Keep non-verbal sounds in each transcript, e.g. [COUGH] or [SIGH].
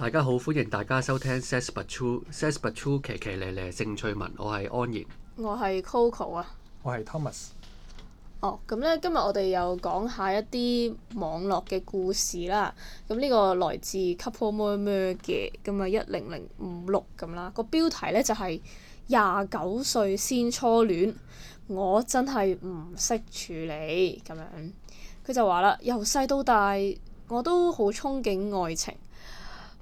大家好，歡迎大家收聽《Says But True》，《Says But True 奇奇嘞嘞》，騎騎咧咧性趣聞。我係安然，我係 Coco 啊，我係 Thomas。哦，咁咧，今日我哋又講一下一啲網絡嘅故事啦。咁呢個來自《couple 咩咩 more》嘅咁啊，一零零五六咁啦。個標題咧就係廿九歲先初戀，我真係唔識處理咁樣。佢就話啦，由細到大我都好憧憬愛情。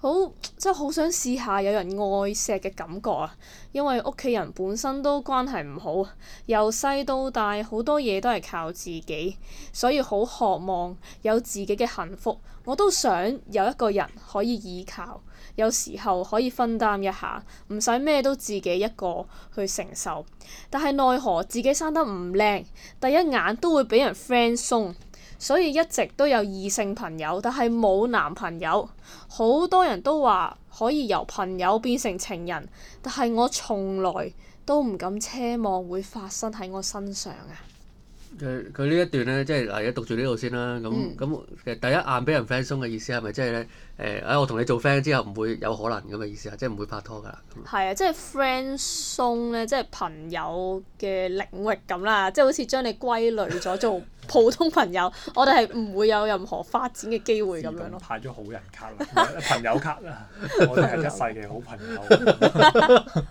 好，真係好想試下有人愛錫嘅感覺啊！因為屋企人本身都關係唔好，由細到大好多嘢都係靠自己，所以好渴望有自己嘅幸福。我都想有一個人可以依靠，有時候可以分擔一下，唔使咩都自己一個去承受。但係奈何自己生得唔靚，第一眼都會俾人 friend 鬆。所以一直都有異性朋友，但係冇男朋友。好多人都話可以由朋友變成情人，但係我從來都唔敢奢望會發生喺我身上啊。佢佢呢一段呢，即係嗱，而家讀住呢度先啦。咁咁，嗯、其實第一眼俾人 friend 送嘅意思係咪即係呢，誒，啊，我同你做 friend 之後唔會有可能咁嘅意思啊，即係唔會拍拖噶啦。係、嗯、啊，即、就、係、是、friend 送呢，即、就、係、是、朋友嘅領域咁啦，即、就、係、是、好似將你歸類咗做。 [LAUGHS] 普通朋友，我哋係唔會有任何發展嘅機會咁樣咯。派咗好人卡 [LAUGHS] 朋友卡啦， [LAUGHS] 我哋係一世嘅好朋友。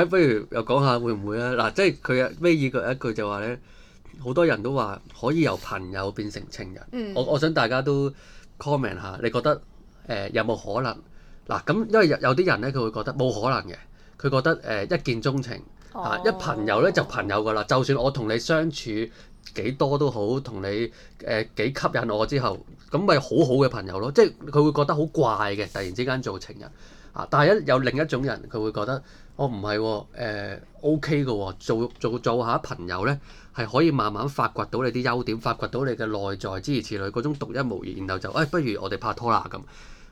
誒，不如又講下會唔會咧？嗱，即係佢嘅咩意？佢一句就話咧，好多人都話可以由朋友變成情人。嗯、我我想大家都 comment 下，你覺得誒、呃、有冇可能？嗱，咁因為有有啲人咧，佢會覺得冇可能嘅。佢覺得誒一見鍾情嚇，一朋友咧就朋友噶啦。就算我同你，你相處。幾多都好，同你誒、呃、幾吸引我之後，咁咪好好嘅朋友咯。即係佢會覺得好怪嘅，突然之間做情人啊！但係有另一種人，佢會覺得我唔係喎，OK 嘅喎，做做做，做下朋友呢係可以慢慢發掘到你啲優點，發掘到你嘅內在之如此類，嗰種獨一無二，然後就誒、哎，不如我哋拍拖啦咁，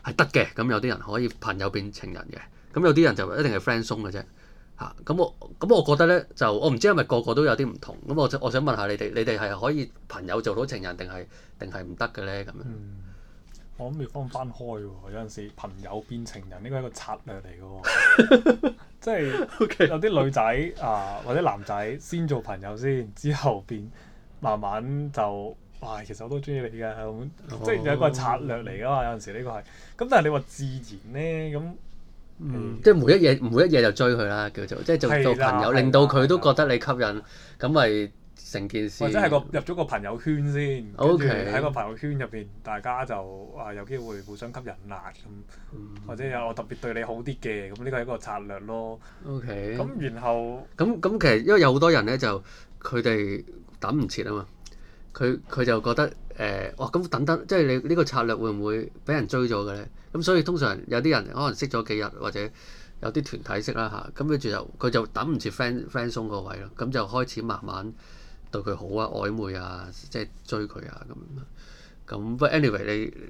係得嘅。咁、嗯、有啲人可以朋友變情人嘅，咁、嗯、有啲人就一定係 friend 松嘅啫。嚇！咁我咁我覺得咧，就我唔知係咪個個都有啲唔同。咁、嗯、我我想問下你哋，你哋係可以朋友做到情人，定係定係唔得嘅咧？咁樣。我諗要分翻開喎，有陣時朋友變情人呢個係一個策略嚟嘅，即係有啲女仔啊或者男仔先做朋友先，之後變慢慢就唉，其實我都中意你嘅咁，即係有個策略嚟嘅嘛。有陣時呢個係。咁但係你話自然咧，咁。嗯、即係每一夜每一夜就追佢啦，叫做即係做做朋友，的令到佢都覺得你吸引，咁咪成件事。或者係個入咗個朋友圈先，跟住喺個朋友圈入邊，大家就啊有機會互相吸引啦咁。嗯、或者有我特別對你好啲嘅，咁呢個係一個策略咯。O K。咁然後咁咁其實因為有好多人咧就佢哋等唔切啊嘛。佢佢就覺得誒、呃、哇咁等等，即係你呢個策略會唔會俾人追咗嘅咧？咁所以通常有啲人可能識咗幾日，或者有啲團體識啦吓，咁跟住就佢就等唔住 friend friend 鬆個位咯，咁、啊、就開始慢慢對佢好啊，曖昧啊，即係追佢啊咁樣。咁 but anyway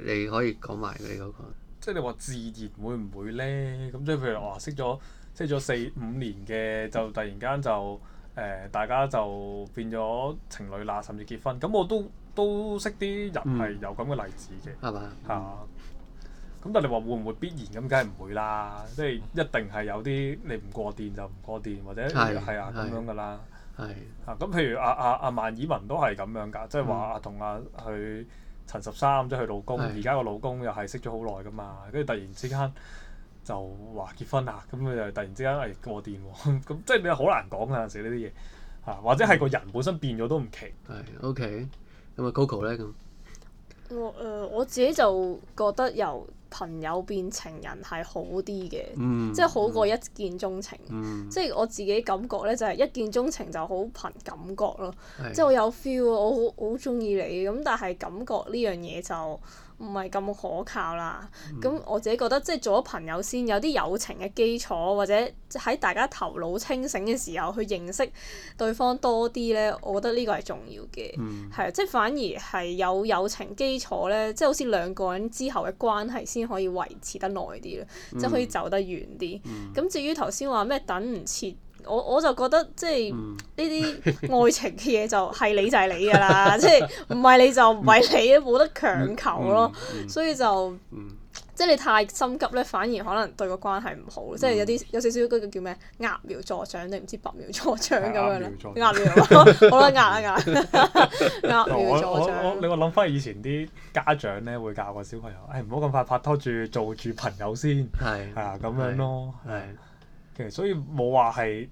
你你可以講埋你嗰、那個。即係你話自然會唔會咧？咁即係譬如話、啊、識咗識咗四五年嘅，就突然間就。誒，大家就變咗情侶啦，甚至結婚。咁我都都識啲人係有咁嘅例子嘅，係嘛？係嘛？咁但係你話會唔會必然？咁梗係唔會啦，即係一定係有啲你唔過電就唔過電，或者係啊咁樣噶啦。係啊，咁譬如阿阿阿萬綺雯都係咁樣㗎，即係話阿同阿佢陳十三即係佢老公，而家個老公又係識咗好耐㗎嘛，跟住突然之間。就話結婚啊，咁佢就突然之間係過電喎，咁即係你好難講啊，其實呢啲嘢嚇，或者係個人本身變咗都唔奇。係 OK，咁啊 Coco 咧咁，我誒、呃、我自己就覺得由朋友變情人係好啲嘅，即係、嗯、好過一見鍾情，即係、嗯、我自己感覺咧就係、是、一見鍾情就好憑感覺咯，即係的我有 feel，我好好鍾意你，咁但係感覺呢樣嘢就～唔係咁可靠啦，咁、嗯、我自己覺得即係、就是、做咗朋友先有啲友情嘅基礎，或者喺大家頭腦清醒嘅時候去認識對方多啲呢，我覺得呢個係重要嘅，係、嗯、即係反而係有友情基礎呢，即係好似兩個人之後嘅關係先可以維持得耐啲啦，嗯、即係可以走得遠啲。咁、嗯嗯、至於頭先話咩等唔切。我我就覺得即係呢啲愛情嘅嘢就係你就係你㗎啦，即係唔係你就唔係你啊，冇得強求咯。所以就即係你太心急咧，反而可能對個關係唔好，即係有啲有少少嗰個叫咩？鴨苗助長定唔知白苗助長咁樣啦。鴨苗，好啦，壓一壓。鴨苗助長。你話諗翻以前啲家長咧，會教個小朋友誒唔好咁快拍拖，住做住朋友先係係啊咁樣咯。係其實所以冇話係。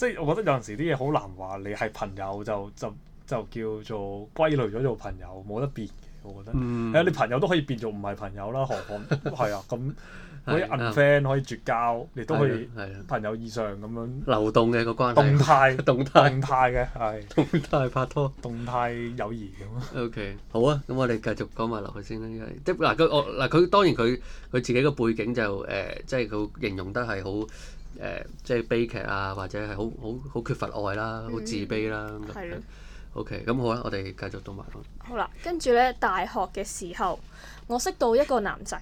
即係我覺得有陣時啲嘢好難話，你係朋友就就就叫做歸類咗做朋友冇得變嘅。我覺得你、嗯、朋友都可以變做唔係朋友啦，何況係啊？咁可以 unfriend，可以絕交，亦都可以朋友以上咁樣。流動嘅個關係。動態，動態。 [LAUGHS] 動態嘅係。動態拍拖。動態友誼咁 OK，好啊，咁我哋繼續講埋落去先啦。依家即係嗱，佢我嗱，佢當然佢佢自己個背景就誒、呃，即係佢形容得係好。誒、呃，即係悲劇啊，或者係好好好缺乏愛啦，好自卑啦。係咯。O K，咁好啦，我哋繼續讀埋。好啦，跟住咧，大學嘅時候，我識到一個男仔，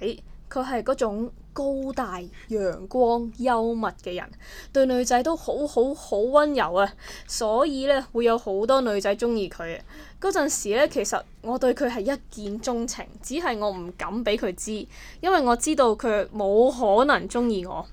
佢係嗰種高大、陽光、幽默嘅人，對女仔都好好好溫柔啊，所以咧會有好多女仔中意佢。嗰陣時咧，其實我對佢係一見鍾情，只係我唔敢俾佢知，因為我知道佢冇可能中意我，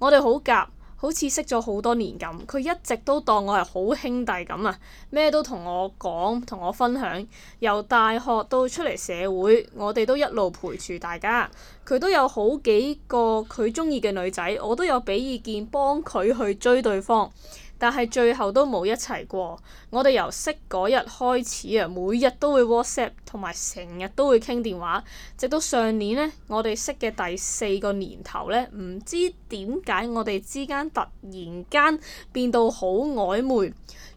我哋好夾。好似識咗好多年咁，佢一直都當我係好兄弟咁啊，咩都同我講，同我分享。由大學到出嚟社會，我哋都一路陪住大家。佢都有好幾個佢鍾意嘅女仔，我都有俾意見，幫佢去追對方。但係最後都冇一齊過。我哋由識嗰日開始啊，每日都會 WhatsApp，同埋成日都會傾電話，直到上年呢，我哋識嘅第四個年頭呢，唔知點解我哋之間突然間變到好曖昧。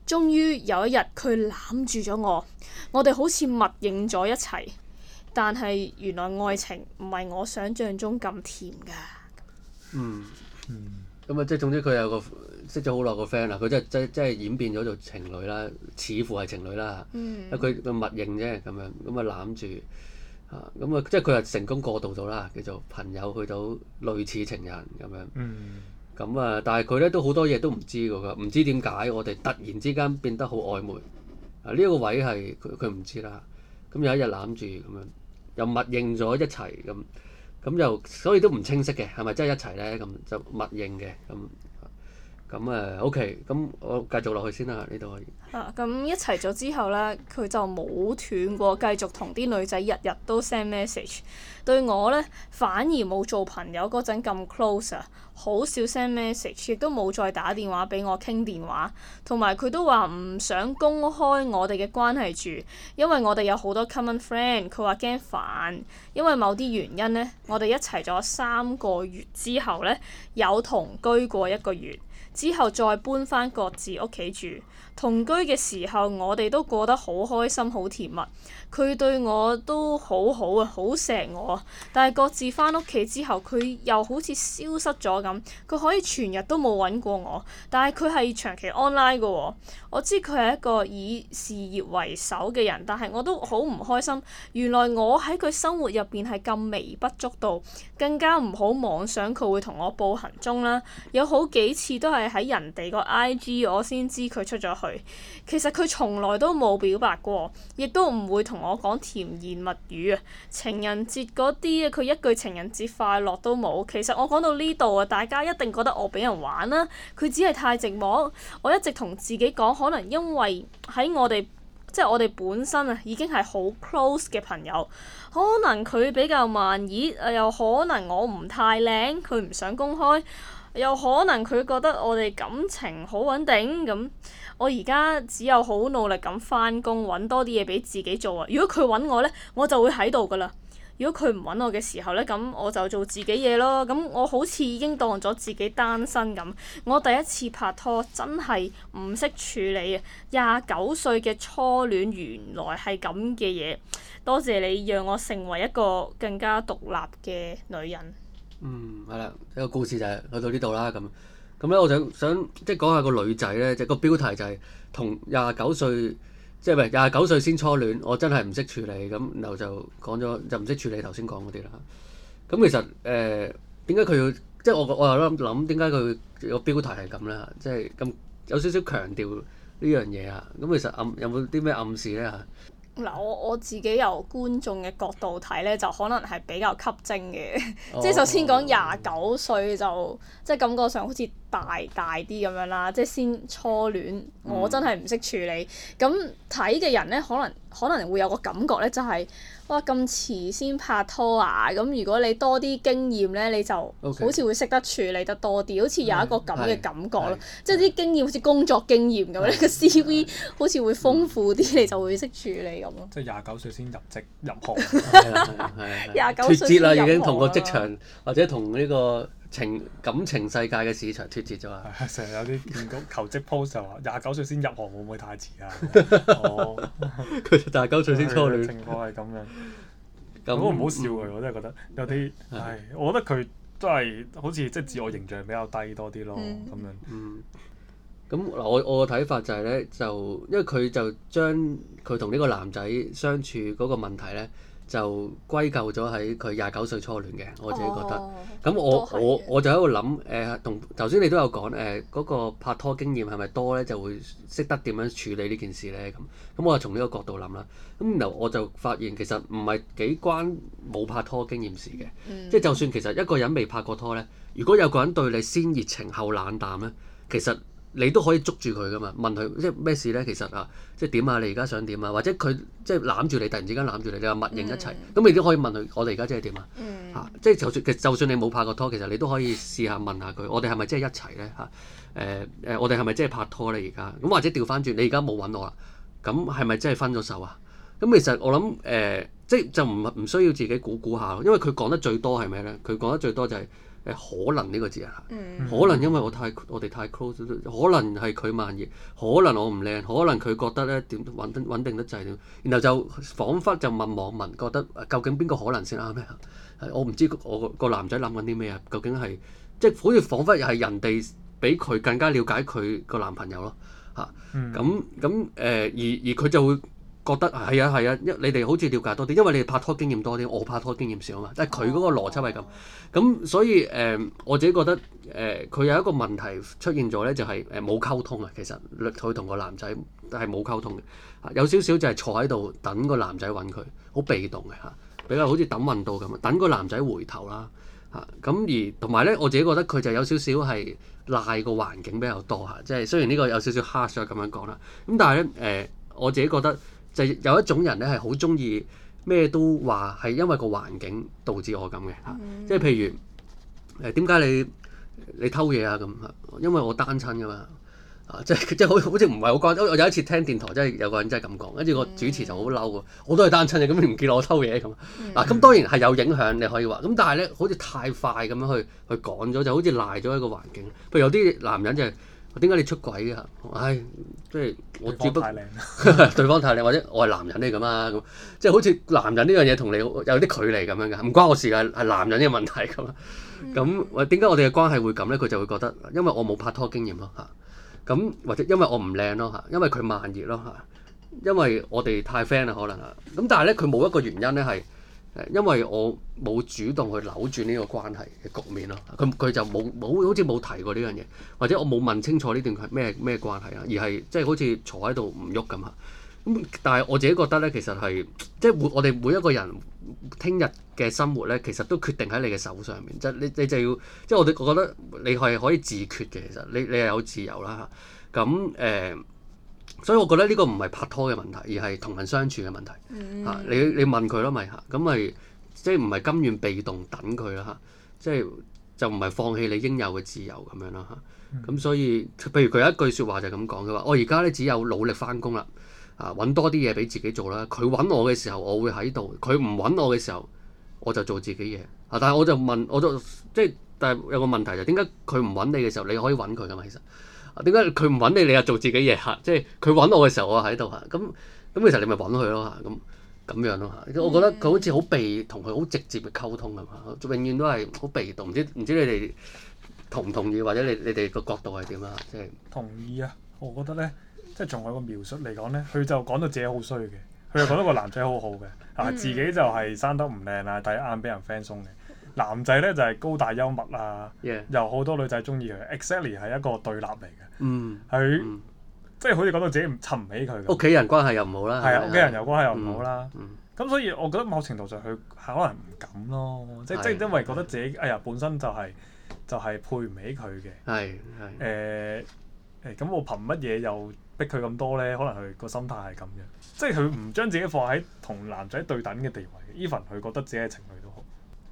終於有一日佢攬住咗我，我哋好似默認咗一齊。但係原來愛情唔係我想象中咁甜噶。嗯，嗯，咁啊，即係總之佢有個。識咗好耐個 friend 啦，佢真係真真係演變咗做情侶啦，似乎係情侶啦。佢佢默認啫咁樣，咁啊攬住啊，咁啊即係佢係成功過渡到啦，叫做朋友去到類似情人咁樣。咁啊、mm hmm.，但係佢咧都好多嘢都唔知㗎，唔知點解我哋突然之間變得好曖昧啊！呢、這、一個位係佢佢唔知啦。咁有一日攬住咁樣，又默認咗一齊咁，咁就所以都唔清晰嘅，係咪真係一齊咧？咁就默認嘅咁。咁誒、嗯、，O.K.，咁我繼續落去先啦。呢度可以嚇咁、啊、一齊咗之後呢，佢就冇斷過，繼續同啲女仔日日都 send message。對我呢，反而冇做朋友嗰陣咁 close 啊，好少 send message，亦都冇再打電話俾我傾電話。同埋佢都話唔想公開我哋嘅關係住，因為我哋有好多 common friend，佢話驚煩。因為某啲原因呢，我哋一齊咗三個月之後呢，有同居過一個月。之後再搬翻各自屋企住。同居嘅時候，我哋都過得好開心，好甜蜜。佢對我都好好啊，好錫我啊。但係各自翻屋企之後，佢又好似消失咗咁。佢可以全日都冇揾過我，但係佢係長期 online 嘅喎，哦。我知佢係一個以事業為首嘅人，但係我都好唔開心。原來我喺佢生活入邊係咁微不足道，更加唔好妄想佢會同我報行蹤啦。有好幾次都係喺人哋個 IG 我先知佢出咗去。其實佢從來都冇表白過，亦都唔會同我講甜言蜜語啊！情人節嗰啲啊，佢一句情人節快樂都冇。其實我講到呢度啊，大家一定覺得我俾人玩啦。佢只係太寂寞。我一直同自己講，可能因為喺我哋，即係我哋本身啊，已經係好 close 嘅朋友。可能佢比較慢熱，又可能我唔太靚，佢唔想公開。有可能佢覺得我哋感情好穩定，咁我而家只有好努力咁返工，揾多啲嘢俾自己做啊！如果佢揾我呢，我就會喺度噶啦。如果佢唔揾我嘅時候呢，咁我就做自己嘢咯。咁我好似已經當咗自己單身咁。我第一次拍拖真係唔識處理。廿九歲嘅初戀原來係咁嘅嘢。多謝你，讓我成為一個更加獨立嘅女人。嗯，係啦，一個故事就係去到呢度啦，咁，咁咧，我想想即係講下個女仔咧，就係個標題就係同廿九歲，即係唔係廿九歲先初戀，我真係唔識處理，咁然後就講咗就唔識處理頭先講嗰啲啦。咁其實誒，點解佢要即係我我又諗點解佢個標題係咁咧？即係咁有少少強調呢樣嘢啊？咁其實暗有冇啲咩暗示咧啊？嗱，我我自己由觀眾嘅角度睇咧，就可能係比較吸睛嘅， [LAUGHS] 即係首先講廿九歲就，即係、oh. 感覺上好似。大大啲咁樣啦，即係先初戀，我真係唔識處理。咁睇嘅人呢，可能可能會有個感覺呢、就是，就係哇咁遲先拍拖啊！咁、啊、如果你多啲經驗呢，你就好似會識得處理得多啲，Okay. 好似有一個咁嘅感覺咯。即係啲經驗，好似工作經驗咁樣，個對、嗯、CV 好似會豐富啲，對你就會識處理咁咯。即係廿九歲先入職入行，廿九歲啦，已經同個職場或者同呢個。情感情世界嘅市場脫節咗啊！成日 [LAUGHS] 有啲見到求職 post 就話廿九歲先入行會唔會太遲啊？佢廿九歲先初戀情況係咁樣，咁 [LAUGHS] 那我唔好笑佢，嗯、我真係覺得有啲，係、嗯、我覺得佢都係好似即係自我形象比較低多啲咯，咁、嗯、樣。嗯。咁嗱，我我嘅睇法就係、是、咧，就因為佢就將佢同呢個男仔相處嗰個問題咧。就歸咎咗喺佢廿九歲初戀嘅，我自己覺得。咁、哦、我我我就喺度諗，誒同頭先你都有講，誒、呃、嗰、嗰個拍拖經驗係咪多咧，就會識得點樣處理呢件事咧？咁咁我就從呢個角度諗啦。咁然後我就發現其實唔係幾關冇拍拖經驗事嘅，即係、嗯、就算其實一個人未拍過拖咧，如果有個人對你先熱情後冷淡咧，其實。你都可以捉住佢噶嘛？問佢即係咩事咧？其實啊，即係點啊？你而家想點啊？或者佢即係攬住你，突然之間攬住你，你話默認一齊咁，你都可以問佢：我哋而家即係點啊？即係就算就算你冇拍過拖，其實你都可以試下問下佢：我哋係咪即係一齊咧？嚇！誒誒，我哋係咪即係拍拖咧？你而家咁或者調翻轉，你而家冇揾我啦，咁係咪即係分咗手啊？咁其實我諗誒、呃，即係就唔唔需要自己估估下咯，因為佢講得最多係咩咧？佢講得最多就係。可能呢個字啊，可能因為我太我哋太 close，可能係佢慢熱，可能我唔靚，可能佢覺得咧點穩得穩定得滯、係點，然後就彷彿就問網民覺得究竟邊個可能先啱咧？我唔知我個男仔諗緊啲咩啊？究竟係即係好似彷彿又係人哋比佢更加了解佢個男朋友咯嚇？咁咁誒而而佢就會。覺得係啊係啊，因、啊、你哋好似了解多啲，因為你哋拍拖經驗多啲，我拍拖經驗少啊嘛。但係佢嗰個邏輯係咁，咁所以誒、呃，我自己覺得誒，佢、呃、有一個問題出現咗咧，就係誒冇溝通啊。其實佢同個男仔係冇溝通嘅，有少少就係坐喺度等個男仔揾佢，好被動嘅嚇，比較好似等運到咁啊，等個男仔回頭啦嚇。咁、啊、而同埋咧，我自己覺得佢就有少少係賴個環境比較多嚇，即、啊、係雖然呢個有少少 hardship 咁樣講啦，咁但係咧誒，我自己覺得。就有一種人咧係好中意咩都話係因為個環境導致我咁嘅嚇，即係、嗯、譬如誒點解你你偷嘢啊？咁因為我單親噶嘛啊，即係即係好好似唔係好關。我有一次聽電台，真係有個人真係咁講，跟住、嗯、個主持就好嬲，我都係單親嘅，咁你唔見我偷嘢咁、嗯、啊？咁當然係有影響，你可以話。咁但係咧，好似太快咁樣去去講咗，就好似賴咗一個環境。譬如有啲男人就係、～點解你出軌嘅、啊、唉，即係我只不對方太靚， [LAUGHS] [LAUGHS] 或者我係男人嚟㗎嘛。咁，即係好似男人呢樣嘢同你有啲距離咁樣嘅，唔關我事㗎，係男人嘅問題咁。咁或點解我哋嘅關係會咁呢？佢就會覺得因為我冇拍拖經驗咯嚇，咁或者因為我唔靚咯嚇，因為佢慢熱咯嚇，因為我哋太 friend 啦可能嚇。咁但係呢，佢冇一個原因呢係。因為我冇主動去扭轉呢個關係嘅局面咯，佢佢就冇冇好似冇提過呢樣嘢，或者我冇問清楚呢段係咩咩關係啊，而係即係好似坐喺度唔喐咁啊。咁但係我自己覺得咧，其實係即係我我哋每一個人聽日嘅生活咧，其實都決定喺你嘅手上面，即係你你就要即係我哋我覺得你係可以自決嘅，其實你你係有自由啦嚇。咁誒。呃所以我覺得呢個唔係拍拖嘅問題，而係同人相處嘅問題。嚇、嗯啊，你你問佢咯，咪咁咪即係唔係甘願被動等佢啦嚇？即、啊、係就唔、係、係放棄你應有嘅自由咁樣啦嚇。咁、啊啊嗯、所以譬如佢有一句説話就係咁講嘅話：我而家咧只有努力翻工啦，啊揾多啲嘢俾自己做啦。佢揾我嘅時候，我會喺度；佢唔揾我嘅時候，我就做自己嘢、啊。但係我就問，我就即係但係有個問題就係點解佢唔揾你嘅時候，你可以揾佢㗎嘛？其實點解佢唔揾你？你又做自己嘢嚇，即係佢揾我嘅時候我，我喺度嚇。咁咁其實你咪揾佢咯嚇，咁咁樣咯嚇。我覺得佢好似好被同佢好直接嘅溝通啊嘛、啊，永遠都係好被動。唔知唔知你哋同唔同意，或者你你哋個角度係點啊？即係同意啊！我覺得咧，即係從佢個描述嚟講咧，佢就講到自己好衰嘅，佢又講到個男仔好好嘅，嚇、啊嗯、自己就係生得唔靚啦，但第一眼俾人 friend 鬆嘅。男仔咧就係高大幽默啊，又好多女仔中意佢。Exactly 係一個對立嚟嘅，佢即係好似講到自己唔襯唔起佢嘅。屋企人關係又唔好啦，係啊，屋企人又關係又唔好啦。咁所以我覺得某程度上佢可能唔敢咯，即係即係因為覺得自己哎呀本身就係就係配唔起佢嘅。係咁我憑乜嘢又逼佢咁多咧？可能佢個心態係咁樣，即係佢唔將自己放喺同男仔對等嘅地位。Even 佢覺得自己係情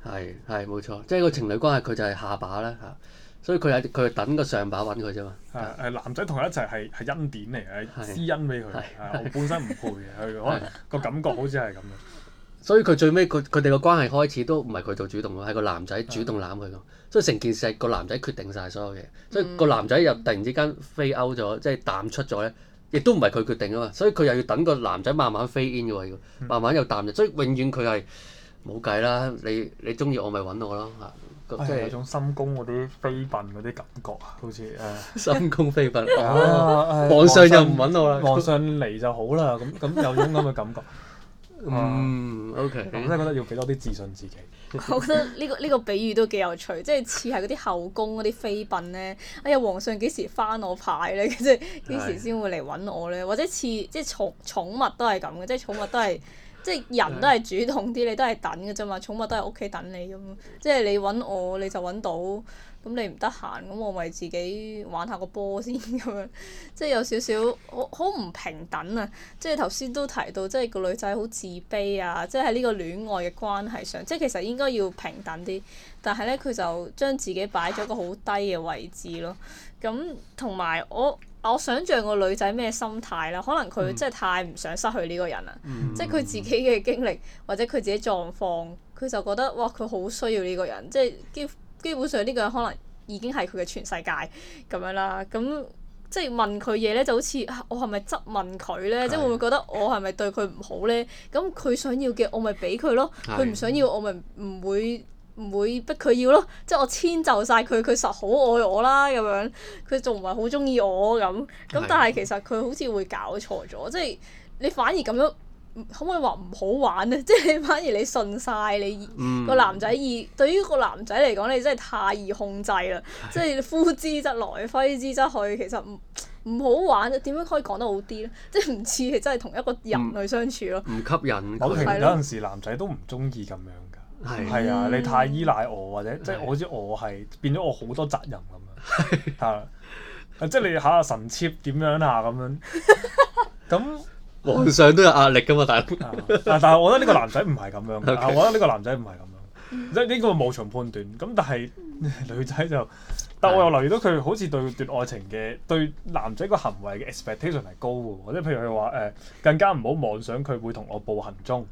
係係冇錯，即係個情侶關係佢就係下把啦。嚇，所以佢係佢等個上把搵佢啫嘛。係男仔同佢一齊係係恩典嚟嘅，是施恩俾佢。是我本身唔配嘅，佢可能個感覺好似係咁嘅。所以佢最尾佢佢哋個關係開始都唔係佢做主動，係個男仔主動攬佢咁。所以成件事係個男仔、就是、決定晒所有嘢。所以個男仔又突然之間飛 out 咗，即係淡出咗咧，亦都唔係佢決定啊嘛。所以佢又要等個男仔慢慢飛 in 喎，慢慢又淡，所以永遠佢係。冇計啦，你你中意我咪揾我咯嚇、啊，即係嗰、哎、種深宮嗰啲妃嬪嗰啲感覺啊，好似誒深宮妃嬪，皇上就唔揾我啦，皇上嚟就好啦，咁咁有種咁嘅感覺。嗯，OK，我真係覺得要俾多啲自信自己。啊、 [LAUGHS] 我覺得呢、呢個呢、呢個比喻都幾有趣，即係似係嗰啲後宮嗰啲妃嬪咧，哎呀皇上幾時翻我牌咧？即係幾時先會嚟揾我咧？或者似即係寵寵物都係咁嘅，即係寵物都係。 [LAUGHS] [LAUGHS] 即係人都係主動啲，你都係等嘅啫嘛。寵物都係屋企等你咁，即係你揾我你就揾到。咁你唔得閒，咁我咪自己玩下個波先咁樣。即係有少少好好唔平等啊！即係頭先都提到，即係個女仔好自卑啊！即係喺呢個戀愛嘅關係上，即係其實應該要平等啲。但係咧，佢就將自己擺咗個好低嘅位置咯。咁同埋我，我想象個女仔咩心態啦？可能佢真係太唔想失去呢個人啦。嗯、即係佢自己嘅經歷或者佢自己狀況，佢就覺得哇！佢好需要呢個人，即係基基本上呢個人可能已經係佢嘅全世界咁樣啦。咁、嗯、即係問佢嘢咧，就好似、啊、我係咪質問佢咧？的即係會唔會覺得我係咪對佢唔好咧？咁佢想要嘅我咪俾佢咯。佢唔想要我咪唔會，會。唔會逼佢要咯，即係我遷就晒佢，佢實好愛我啦，咁樣，佢仲唔係好中意我咁。咁但係其實佢好似會搞錯咗，的即係你反而咁樣，可唔可以話唔好玩咧？即你反而你信晒，你、嗯、個男仔易，對於個男仔嚟講，你真係太易控制啦，的即係呼之則來，揮之則去，其實唔唔好玩。點樣可以講得好啲咧？即係唔似係真係同一個人類相處咯，唔、嗯、吸引。我記得嗰時男仔都唔中意咁樣。係啊，你太依賴我或者即係我知我係變咗我好多責任咁樣啊！即係你下神妾 h e 點樣啊咁樣咁，皇 [LAUGHS] 上都有壓力噶嘛？但係、啊 [LAUGHS] 啊、但係，我覺得呢個男仔唔係咁樣。我覺得呢個男仔唔係咁樣，即係呢個無從判斷。咁但係女仔就，但我又留意到佢 [LAUGHS] [LAUGHS] 好似對段愛情嘅對男仔個行為嘅 expectation 係高喎。即係譬如佢話誒，更加唔好妄想佢會同我報行蹤。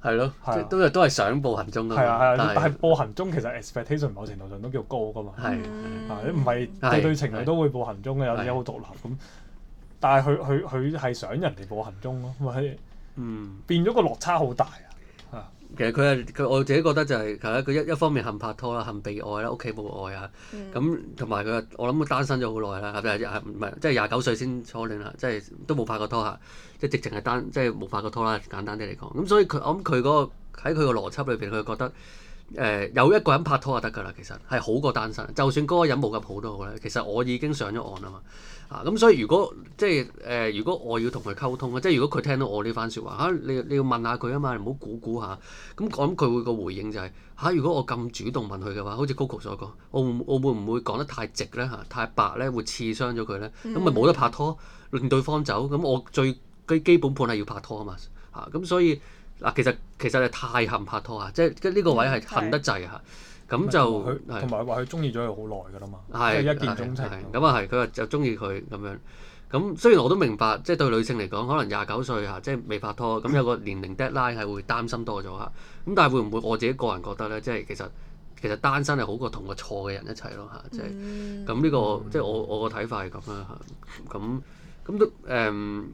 係咯，即係都係都係想報行蹤，係啊係啊，但係是報行蹤其實 expectation 某、嗯、程度上都叫高噶嘛。係係的，唔係、啊，對對情侶都會報行蹤嘅，的有啲好獨立咁。的但係佢佢佢係想人哋報行蹤咯，咁的以嗯，變咗個落差好大。其實佢係佢我自己覺得就係係啦，佢一一方面恨拍拖啦，恨被愛啦，屋企冇愛啊。咁同埋佢，我諗佢單身咗好耐啦，係咪？係即係廿九歲先初戀啦，即係都冇拍過拖嚇，即係直情係單，即係冇拍過拖啦。簡單啲嚟講，咁所以佢我諗佢嗰個喺佢個邏輯裏邊，佢覺得誒有一個人拍拖就得㗎啦。其實係好過單身，就算嗰個人冇咁好都好咧。其實我已經上咗岸啊嘛。啊！咁所以如果即係誒、呃，如果我要同佢溝通啊，即係如果佢聽到我呢番説話嚇、啊，你你要問下佢啊嘛，唔好估估下。咁我諗佢會個回應就係、是、嚇、啊，如果我咁主動問佢嘅話，好似 Coco 所講，我我會唔會講得太直咧嚇、啊，太白咧，會刺傷咗佢咧？咁咪冇得拍拖，令對方走。咁我最基本盤係要拍拖啊嘛。嚇、啊！咁所以嗱、啊，其實其實係太恨拍拖啊，即係呢個位係恨得滯啊。嗯咁就同埋話，佢中意咗佢好耐㗎啦嘛，即係是一見鍾情咁啊。係佢話就中意佢咁樣咁。雖然我都明白，即、就、係、是、對女性嚟講，可能廿九歲嚇，即、啊、係、就是、未拍拖咁有個年齡 deadline 係會擔心多咗嚇。咁、啊、但係會唔會我自己個人覺得咧，即係其實其實單身係好過同個錯嘅人一齊咯吓，即係咁呢個即係、嗯、我我個睇法係咁樣嚇。咁咁都誒嗱，佢、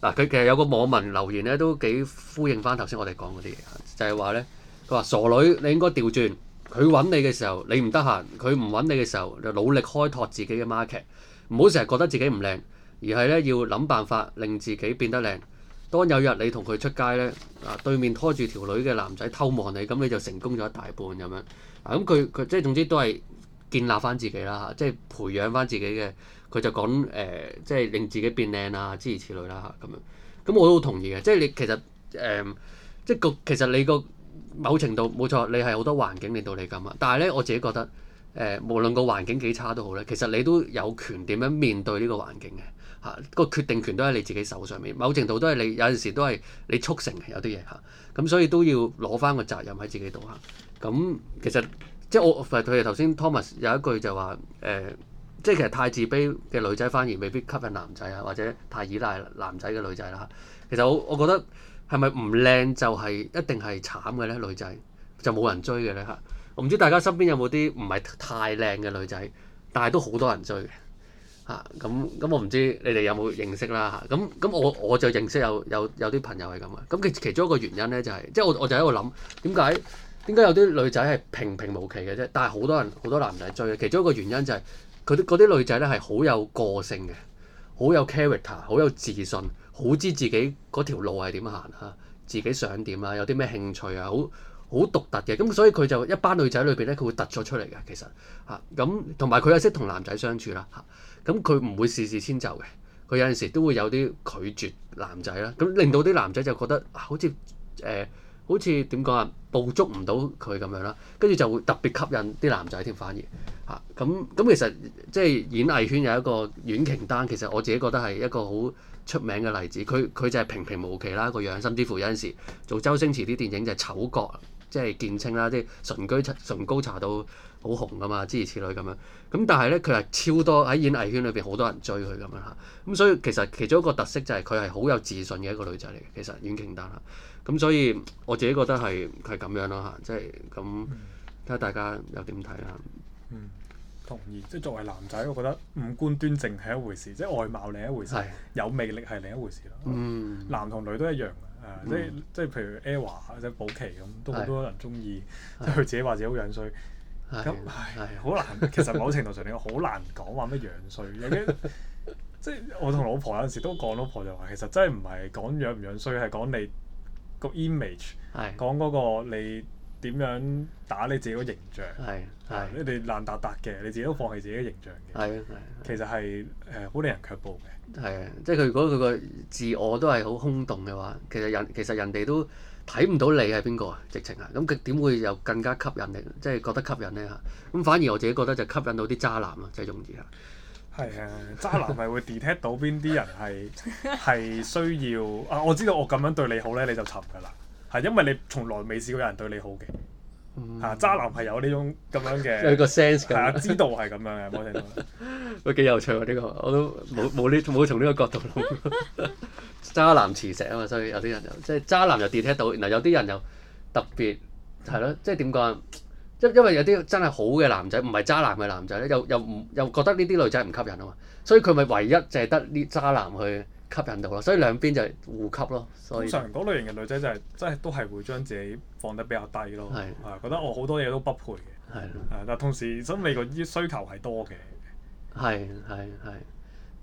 啊啊、其實有個網民留言咧，都幾呼應翻頭先我哋講嗰啲嘢，就係話咧佢話傻女，你應該調轉。佢揾你嘅時候，你唔得閒；佢唔揾你嘅時候，就努力開拓自己嘅 market。唔好成日覺得自己唔靚，而係呢，要諗辦法令自己變得靚。當有日你同佢出街呢，啊對面拖住條女嘅男仔偷望你，咁你就成功咗一大半咁樣。啊咁，佢佢即係總之都係建立翻自己啦，即係培養翻自己嘅。佢就講誒，即係令自己變靚啊諸如此類啦咁樣。咁我都好同意嘅，即係你其實誒，即係個其實你個。某程度冇錯，你係好多環境令到你咁啊！但係咧，我自己覺得，誒、呃，無論個環境幾差都好咧，其實你都有權點樣面對呢個環境嘅嚇、啊，個決定權都喺你自己手上面。某程度都係你有陣時都係你促成嘅有啲嘢嚇，咁、啊、所以都要攞翻個責任喺自己度吓。咁、啊、其實即係我，唔係佢哋頭先 Thomas 有一句就話誒、啊，即係其實太自卑嘅女仔反而未必吸引男仔啊，或者太依賴男仔嘅女仔啦、啊。其實我我覺得。係咪唔靚就係一定係慘嘅咧？女仔就冇人追嘅咧嚇！我唔知大家身邊有冇啲唔係太靚嘅女仔，但係都好多人追嘅嚇。咁咁我唔知你哋有冇認識啦嚇。咁、啊、咁、嗯嗯嗯、我我就認識有有有啲朋友係咁嘅。咁其其中一個原因咧就係，即係我我就喺度諗點解點解有啲女仔係平平無奇嘅啫？但係好多人好多男仔追嘅。其中一個原因就係啲嗰啲女仔咧係好有個性嘅，好有 character，好有自信。好知自己嗰條路係點行啊！自己想點啊？有啲咩興趣啊？好好獨特嘅咁，所以佢就一班女仔裏邊咧，佢會突咗出嚟嘅。其實嚇咁同埋佢又識同男仔相處啦嚇咁，佢、啊、唔會事事遷就嘅。佢有陣時都會有啲拒絕男仔啦，咁、啊、令到啲男仔就覺得、啊、好似誒、呃、好似點講啊，捕捉唔到佢咁樣啦。跟住就會特別吸引啲男仔添，反而嚇咁咁。其實即係演藝圈有一個阮瓊丹，其實我自己覺得係一個好出名嘅例子，佢佢就係平平無奇啦個樣，甚至乎有陣時做周星馳啲電影就係丑角，即係見稱啦，即係唇居唇膏搽到好紅㗎嘛，諸如此類咁樣。咁但係咧，佢係超多喺演藝圈裏邊好多人追佢咁樣吓。咁、嗯、所以其實其中一個特色就係佢係好有自信嘅一個女仔嚟嘅，其實阮瓊丹啦。咁、嗯、所以我自己覺得係係咁樣咯吓，即係咁睇下大家有點睇啦。嗯同意，即係作為男仔，我覺得五官端正係一回事，即係外貌另一回事，的有魅力係另一回事咯。嗯、男同女都一樣嘅、呃嗯，即係即係譬如 Era 或者寶琪咁，都好多人都中意，的即係佢自己話自己好的樣衰。咁好的、哎、難，其實某程度上你好難講話咩樣衰有啲即係我同老婆有陣時都講，老婆就話其實真係唔係講樣唔樣衰，係講你個 image，講嗰個你的。點樣打你自己個形象？係係、啊，啊、你哋爛達達嘅，你自己都放棄自己嘅形象嘅。係啊，啊其實係誒好令人卻步嘅。係啊，即係佢如果佢個自我都係好空洞嘅話，其實人其實人哋都睇唔到你係邊個啊，直情啊，咁佢點會有更加吸引力，即、就、係、是、覺得吸引咧嚇、啊。咁反而我自己覺得就吸引到啲渣男、就是、啊，就容易啦。係啊，渣男係會 detect 到邊啲人係係、 [LAUGHS] 啊、需要啊？我知道我咁樣對你好咧，你就沉㗎啦。係因為你從來未試過有人對你好嘅，嚇、嗯、渣男係有呢種咁樣嘅，有個 sense，係的 [LAUGHS] 知道係咁樣嘅，冇 [LAUGHS] 聽過。喂，幾有趣喎！呢個我都冇冇呢冇從呢個角度諗。 [LAUGHS] [LAUGHS] 渣男磁石啊嘛，所以有啲人就，即係渣男又 detect 到，然後有啲人又特別係咯，即係點講？因因為有啲真係好嘅男仔唔係渣男嘅男仔咧，又又唔又，又覺得呢啲女仔唔吸引啊嘛，所以佢咪唯一就係得呢渣男去。吸引到咯，所以兩邊就互吸咯。通常嗰類型嘅女仔就係、是，即係都係會將自己放得比較低咯，係是、啊、覺得我好多嘢都不配嘅。係的啊，但，同時心理嘅需求係多嘅。係係係，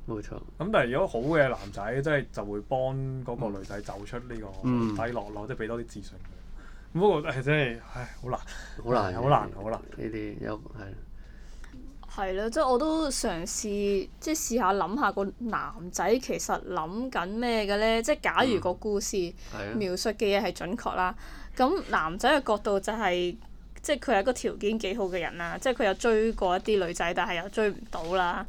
冇錯。咁但係如果好嘅男仔，即係就會幫嗰個女仔走出呢個低落咯，嗯、即係俾多啲自信咁不過誒，真係、就是、唉，好難，好難，好、嗯、難，好難呢啲有係。係咯，即係我都嘗試，即係試下諗下個男仔其實諗緊咩嘅咧。即係假如個故事、嗯、描述嘅嘢係準確啦，咁男仔嘅角度就係、是，即係佢係一個條件幾好嘅人啦。即係佢有追過一啲女仔，但係又追唔到啦。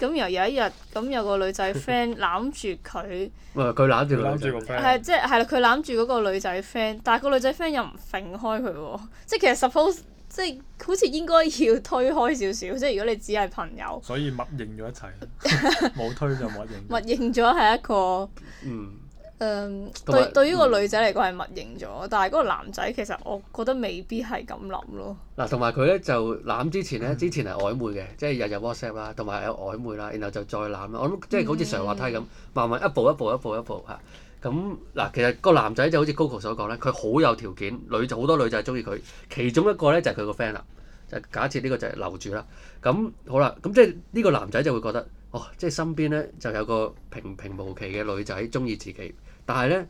咁然後有一日，咁有個女仔 friend 攬住佢，唔係佢攬住，friend 係即係係啦，佢攬住嗰個女仔 friend，但係個女仔 friend 又唔甩開佢喎、啊。即係其實 suppose。即係好似應該要推開少少，即係如果你只係朋友。所以默認咗一齊，冇推就默認。默認咗係一個，嗯，誒、嗯，對有對於個女仔嚟講係默認咗，嗯、但係嗰個男仔其實我覺得未必係咁諗咯。嗱，同埋佢咧就攬之前咧，嗯、之前係曖昧嘅，即係日日 WhatsApp 啦，同埋有曖昧啦，然後就再攬啦。我諗即係好似上滑梯咁，慢慢一步一步一步一步嚇。咁嗱、嗯，其實個男仔就好似 Coco 所講咧，佢好有條件，女仔好多女仔中意佢。其中一個咧就係佢個 friend 啦，就假設呢個就係留住啦。咁好啦，咁即係呢個男仔就會覺得，哦，即係身邊咧就有個平平無奇嘅女仔中意自己，但係咧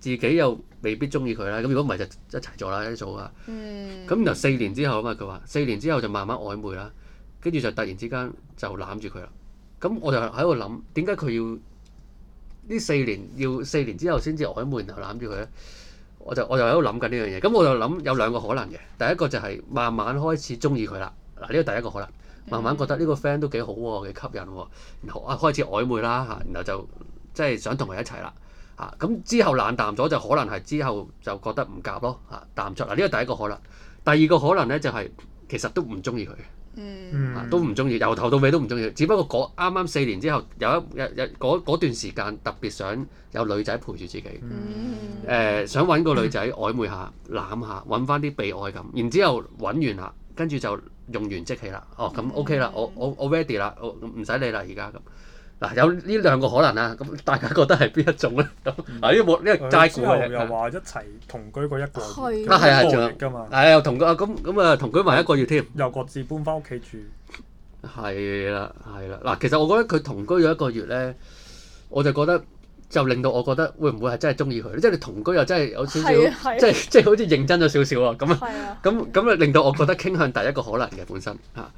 自己又未必中意佢啦。咁如果唔係就一齊做啦，一齊做啦。嗯、mm。咁、hmm。然後四年之後啊嘛，佢話四年之後就慢慢曖昧啦，跟住就突然之間就攬住佢啦。咁我就喺度諗，點解佢要？呢四年要四年之後先至曖昧，然後攬住佢咧，我就我就喺度諗緊呢樣嘢。咁我就諗有兩個可能嘅，第一個就係慢慢開始中意佢啦。嗱，呢個第一個可能，慢慢覺得呢個 friend 都幾好喎，幾吸引喎，然後啊開始曖昧啦嚇，然後就即係想同佢一齊啦嚇。咁、啊、之後冷淡咗就可能係之後就覺得唔夾咯嚇，淡唔出啦。呢、呢個第一個可能，第二個可能咧就係其實都唔中意佢。嗯，都唔中意，由頭到尾都唔中意。只不過啱啱四年之後，有一有有段時間特別想有女仔陪住自己，誒、嗯嗯呃、想揾個女仔曖昧下、攬下，揾翻啲被愛感。然之後揾完啦，跟住就用完即棄啦。哦，咁、嗯嗯哦、OK 啦，我我我 ready 啦，我唔使理啦，而家咁。嗱，有呢兩個可能啊，咁大家覺得係邊一種咧？咁 [LAUGHS] 啊，呢個冇呢個債又話一齊同居過一個月 [MUSIC] [MUSIC] 啊，係啊，噶嘛？係啊，同啊咁咁啊同居埋一個月添，又各自搬翻屋企住。係啦，係啦。嗱，其實我覺得佢同居咗一個月咧，我就覺得就令到我覺得會唔會係真係中意佢？即係你同居又真係有少少，即係即係好似認真咗少少啊！咁啊，咁咁啊令到我覺得傾向第一個可能嘅本身嚇。咁、啊、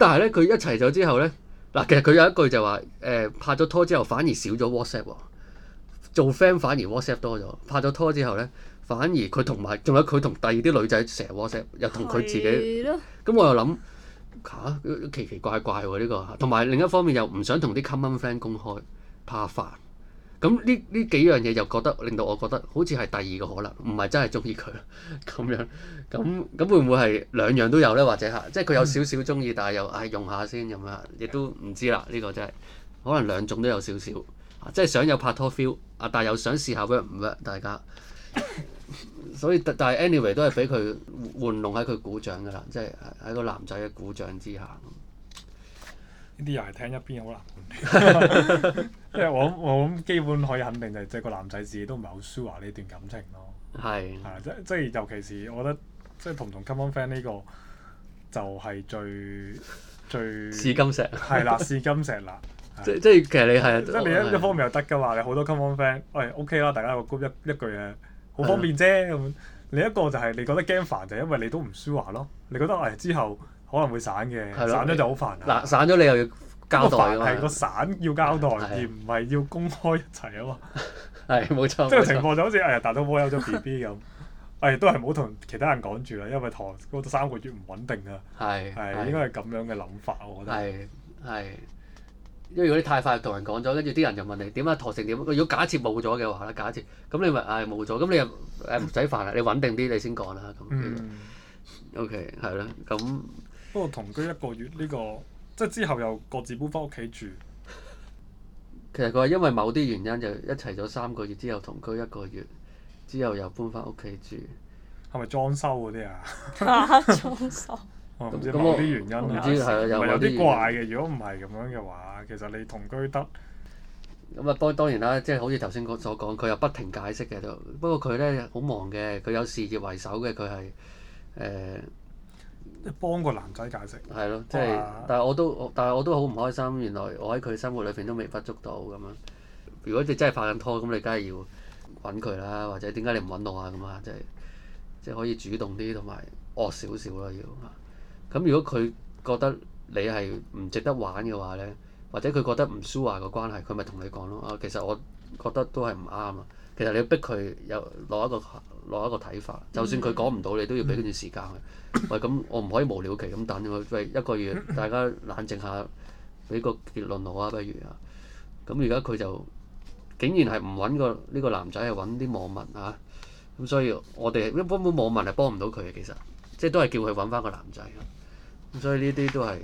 但係咧，佢一齊咗之後咧。嗱，其實佢有一句就話，誒、呃、拍咗拖之後反而少咗 WhatsApp，做 friend 反而 WhatsApp 多咗。拍咗拖之後咧，反而佢同埋仲有佢同第二啲女仔成日 WhatsApp，又同佢自己。咁的我又諗嚇，奇奇怪怪喎呢、啊呢個。同埋另一方面又唔想同啲 common friend 公開，怕煩。咁呢呢幾樣嘢又覺得令到我覺得好似係第二個可能，唔係真係中意佢咁樣。咁咁會唔會係兩樣都有呢？或者係即係佢有少少中意，但係又唉、哎、用下先咁樣？亦都唔知啦。呢、這個真係可能兩種都有少少，即係想有拍拖 feel，啊但係又想試下 work 唔 work 大家。所以但係 anyway 都係俾佢玩弄喺佢鼓掌㗎啦，即係喺個男仔嘅鼓掌之下。呢啲又係聽一邊好難即係 [LAUGHS] 我我諗基本可以肯定就係即係個男仔自己都唔係好舒華呢段感情咯是。係，即即係尤其是我覺得即係同唔同 common friend 呢個就係最最試金石，係啦試金石嗱。 [LAUGHS] 的即即係其實你係即係你一一方面又得噶嘛，你好多 common friend，喂、哎、O、okay、K 啦，大家個 group 一一,一,一句嘢好方便啫。咁另的一個就係你覺得驚煩就係、是、因為你都唔舒華咯，你覺得誒、哎、之後。可能會散嘅的、啊，散咗就好煩啦。嗱，散咗你又要交代啊嘛。個散要交代的而唔係要公開一齊啊嘛。係冇錯。即係情況就好似 [LAUGHS] 哎呀，大家都有咗 B B 咁，哎都係唔好同其他人講住啦，因為台嗰三個月唔穩定啊。係的。係、哎、應該係咁樣嘅諗法，的我覺得。係係。因為如果你太快同人講咗，跟住啲人就問你點啊？陀成點？如果假設冇咗嘅話咧，假設咁你咪唉冇咗，咁、哎、你又誒唔使煩啦。你穩定啲你先講啦咁。嗯。O K 係咯，咁。不過同居一個月呢個，即係之後又各自搬返屋企住。其實佢話因為某啲原因就一齊咗三個月，之後同居一個月，之後又搬返屋企住。係咪裝修嗰啲啊？裝修。唔知某啲原因，唔知係有啲怪嘅，如果唔係咁樣嘅話，其實你同居得。咁啊、嗯，當當然啦，即係好似頭先講所講，佢又不停解釋嘅。不過佢咧好忙嘅，佢有事業為首嘅，佢係誒。呃即係幫個男仔解釋，係咯，即係，哇但係我都，但係我都好唔開心。原來我喺佢生活裏邊都微不足道。咁樣。如果你真係拍緊拖，咁你梗係要揾佢啦，或者點解你唔揾我啊？咁啊，即係即係可以主動啲同埋惡少少啦。要。咁如果佢覺得你係唔值得玩嘅話呢，嗯、或者佢覺得唔舒服嘅關係，佢咪同你講咯。啊，其實我覺得都係唔啱啊。其實你要逼佢有攞一個。落一個睇法，就算佢講唔到你，你都要俾嗰段時間佢。 [COUGHS] 喂，咁我唔可以無了期咁等佢。喂，一個月大家冷靜下，俾個結論好啊，不如啊。咁而家佢就竟然係唔揾個呢、呢個男仔，係揾啲網民嚇。咁、啊、所以我，我哋一般般網民係幫唔到佢嘅，其實即係都係叫佢揾翻個男仔。咁所以呢啲都係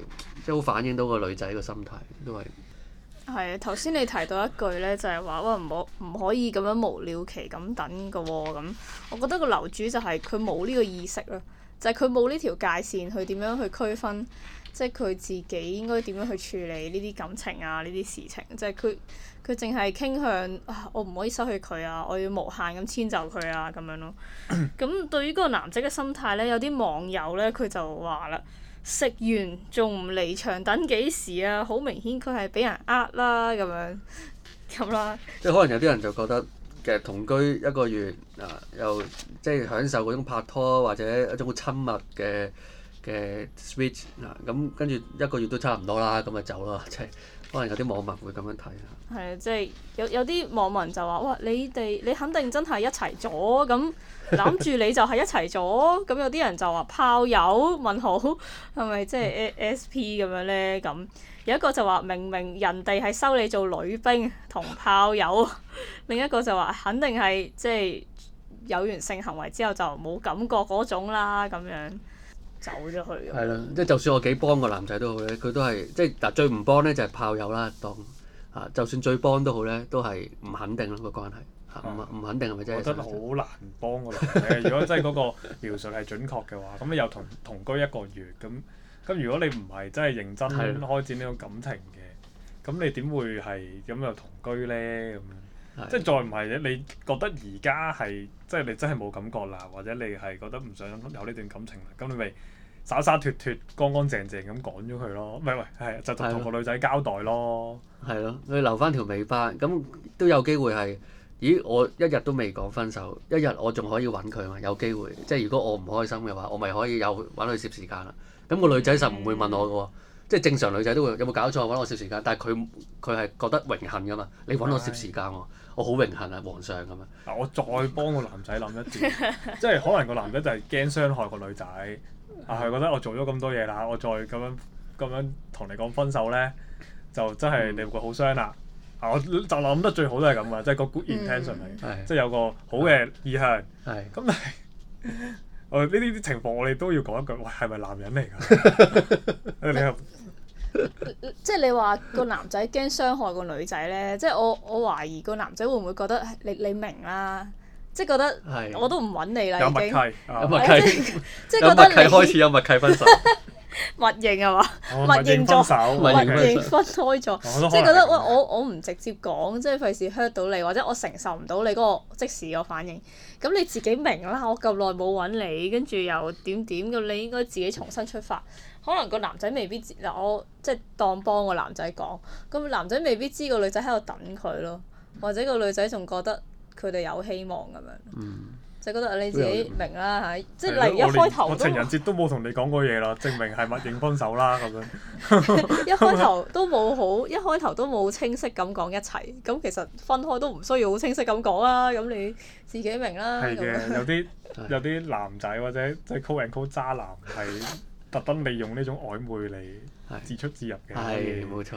即係好反映到個女仔個心態，都係。係啊，頭先你提到一句咧，就係話哇唔可唔可以咁樣無了期咁等嘅喎。咁，我覺得個樓主就係佢冇呢個意識咯，就係佢冇呢條界線去點樣去區分，即係佢自己應該點樣去處理呢啲感情啊呢啲事情，即係佢佢淨係傾向啊我唔可以失去佢啊，我要無限咁遷就佢啊咁樣咯。咁 [COUGHS] 對於嗰個男仔嘅心態咧，有啲網友咧佢就話啦。食完仲唔離場等幾時啊？好明顯佢係俾人呃啦咁樣，咁啦。即係可能有啲人就覺得，其實同居一個月啊，又即係享受嗰種拍拖或者一種好親密嘅嘅 switch 咁、啊嗯、跟住一個月都差唔多啦，咁就走啦。即係可能有啲網民會咁樣睇。係啊，即係有有啲網民就話：哇，你哋你肯定真係一齊咗咁攬住你就係一齊咗？咁、嗯、有啲人就話炮友問號，係咪即係 SP 咁樣呢？嗯，咁有一個就話明明人哋係收你做女兵同炮友，嗯嗯，另一個就話肯定係即係有完性行為之後就冇感覺嗰種啦咁樣。走咗去。係啦，即係就算我幾幫個男仔都好，佢都係即係最唔幫呢就係炮友啦，當。啊， [NOISE] 就算最幫都好咧，都係唔肯定咯個關係，吓唔唔肯定係咪真係？我、嗯、覺得好難幫㗎啦。 [LAUGHS] 如果真係嗰個描述係準確嘅話，咁你又同同居一個月，咁咁如果你唔係真係認真開展呢種感情嘅，咁的你點會係咁又同居咧？咁樣，的即係再唔係咧？你覺得而家係即係你真係冇感覺啦，或者你係覺得唔想有呢段感情啦？咁你咪，灑灑脱脱，乾乾淨淨咁趕咗佢咯，唔係喂，係、啊、就同、是、個女仔交代咯，係咯、啊，你留翻條尾巴，咁都有機會係，咦我一日都未講分手，一日我仲可以揾佢嘛，有機會，即係如果我唔開心嘅話，我咪可以有揾佢攝時間啦。咁、那個女仔就唔會問我嘅喎，嗯、即係正常女仔都會有冇搞錯揾我攝時間，但係佢佢係覺得榮幸㗎嘛，你揾我攝時間喎、啊，啊、我好榮幸啊皇上咁樣。我再幫個男仔諗一啲， [LAUGHS] 即係可能個男仔就係驚傷害個女仔。啊，佢覺得我做咗咁多嘢啦，我再咁樣咁樣同你講分手咧，就真係你會好傷啦。啊、嗯，我就諗得最好都係咁啊，即係個 good intention 係，即係、嗯、有個好嘅意向。係、嗯，咁但係、嗯、我呢啲啲情況，我哋都要講一句，喂，係咪男人嚟噶？即係你話個男仔驚傷害個女仔咧，即係我我懷疑個男仔會唔會覺得你你，你明啦、啊？即係覺得我都唔揾你啦，已經。吧即係覺得你開始有默契分手。默認呀嘛？默認咗，手，默認分開咗。即係覺得餵我， [LAUGHS] 我，我唔直接講，即係費事 hurt 到你，或者我承受唔到你嗰個即時嘅反應。咁你自己明啦，我咁耐冇揾你，跟住又點點噉，你應該自己重新出發。可能個男仔未，未必知，嗱我即係當幫個男仔講。咁男仔未必知個女仔喺度等佢咯，或者個女仔仲覺得。佢哋有希望咁樣，嗯、就覺得你自己明啦嚇，即係、啊就是、例如一開頭情人節都冇同你講過嘢啦，證明係默認分手啦咁樣。一開頭都冇好，一開頭都冇清晰咁講一齊，咁其實分開都唔需要好清晰咁講啦。咁你自己明啦。係嘅，有啲有啲男仔或者即係 call and call 渣男係特登利用呢種曖昧嚟自出自入嘅。係冇錯。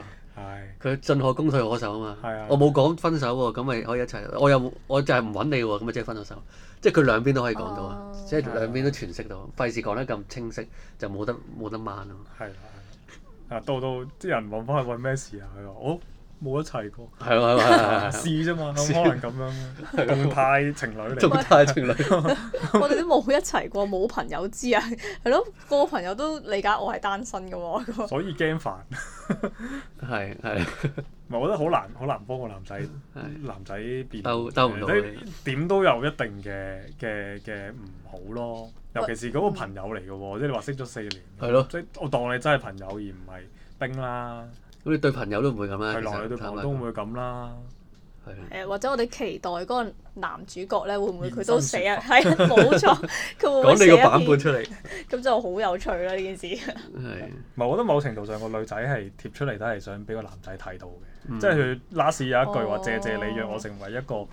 佢進可攻退可守啊嘛，係啊，我冇講分手喎、啊，咁咪可以一齊。我又我就係唔揾你喎、啊，咁咪即係分咗手。即係佢兩邊都可以講到，即係兩邊都傳釋到，費事講得咁清晰就冇得冇得掹咯。係啊，到到啲人問翻去為咩事啊，佢話好。哦冇一齊過，係啊係啊，試啫嘛，可能咁樣啊，同派情侶嚟，同派情侶我哋都冇一齊過，冇朋友知啊，係咯，個朋友都理解我係單身㗎喎，所以驚煩，係係，唔係我覺得好難好難幫個男仔男仔變，兜兜唔到嘅，點都有一定嘅嘅嘅唔好咯，尤其是嗰個朋友嚟嘅喎，即係你話識咗四年，係咯，即係我當你真係朋友而唔係兵啦。我哋對朋友都唔會咁的啦，誒是、呃、或者我哋期待嗰個男主角咧，會唔會佢都死啊？係冇 [LAUGHS] 錯，佢會死。講你個版本出嚟，咁 [LAUGHS] 就好有趣啦！呢件事係，唔係我覺得某程度上個女仔係貼出嚟都係想俾個男仔睇到嘅，是嗯、即係佢 last 有一句話：謝謝你讓我成為一個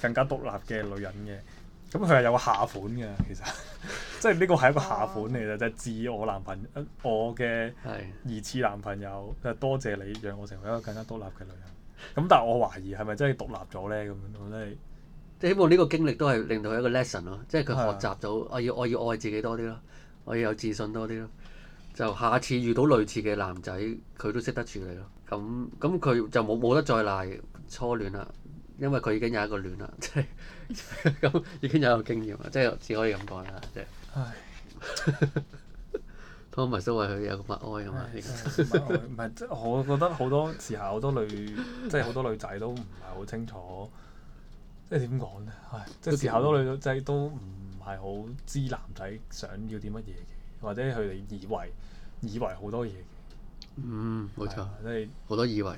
更加獨立嘅女人嘅。咁佢係有個下款嘅，其實即係呢個係一個下款嚟嘅，就係自我男朋友，我嘅二次男朋友。的多謝你讓我成為一個更加獨立嘅女人。咁但係我懷疑係咪真係獨立咗呢？咁樣咁即係希望呢個經歷都係令到佢一個 lesson 咯。即係佢學習到的我要我要愛自己多啲咯，我要有自信多啲咯。就下次遇到類似嘅男仔，佢都識得處理咯。咁咁佢就冇冇得再賴初戀啦。因為佢已經有一個戀啦，即係咁已經有一個經驗啦，即係只可以咁講啦，即係。唉。都唔係所謂佢有個默哀啊嘛。唔係，即係我覺得好多時候好多女，即係好多女仔都唔係好清楚。即係點講咧？唉，即係時候好多女仔都唔係好知男仔想要啲乜嘢，嘅，或者佢哋以為以為好多嘢。嘅。嗯，冇錯。即係好多以為。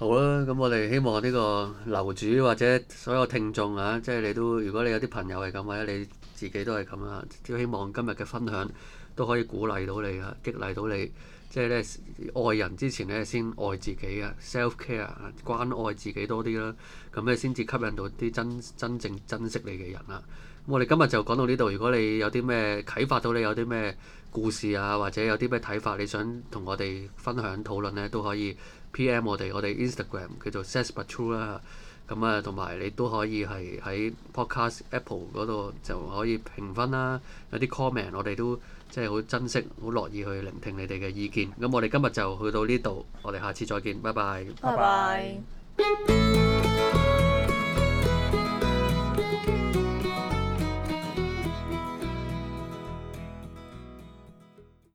好啦，咁我哋希望呢個樓主或者所有聽眾啊，即係你都，如果你有啲朋友係咁，或者你自己都係咁啊，都希望今日嘅分享都可以鼓勵到你啊，激勵到你。即係咧愛人之前咧先愛自己啊，self care 關愛自己多啲啦，咁咧先至吸引到啲真真正珍惜你嘅人啊。咁我哋今日就講到呢度。如果你有啲咩啟發到你，有啲咩故事啊，或者有啲咩睇法，你想同我哋分享討論咧，都可以。P.M. 我哋我哋 Instagram 叫做 s a s Patrol 啦，咁啊同埋你都可以係喺 Podcast Apple 嗰度就可以評分啦，啊，有啲 comment 我哋都即係好珍惜，好樂意去聆聽你哋嘅意見。咁我哋今日就去到呢度，我哋下次再見，拜拜，拜拜。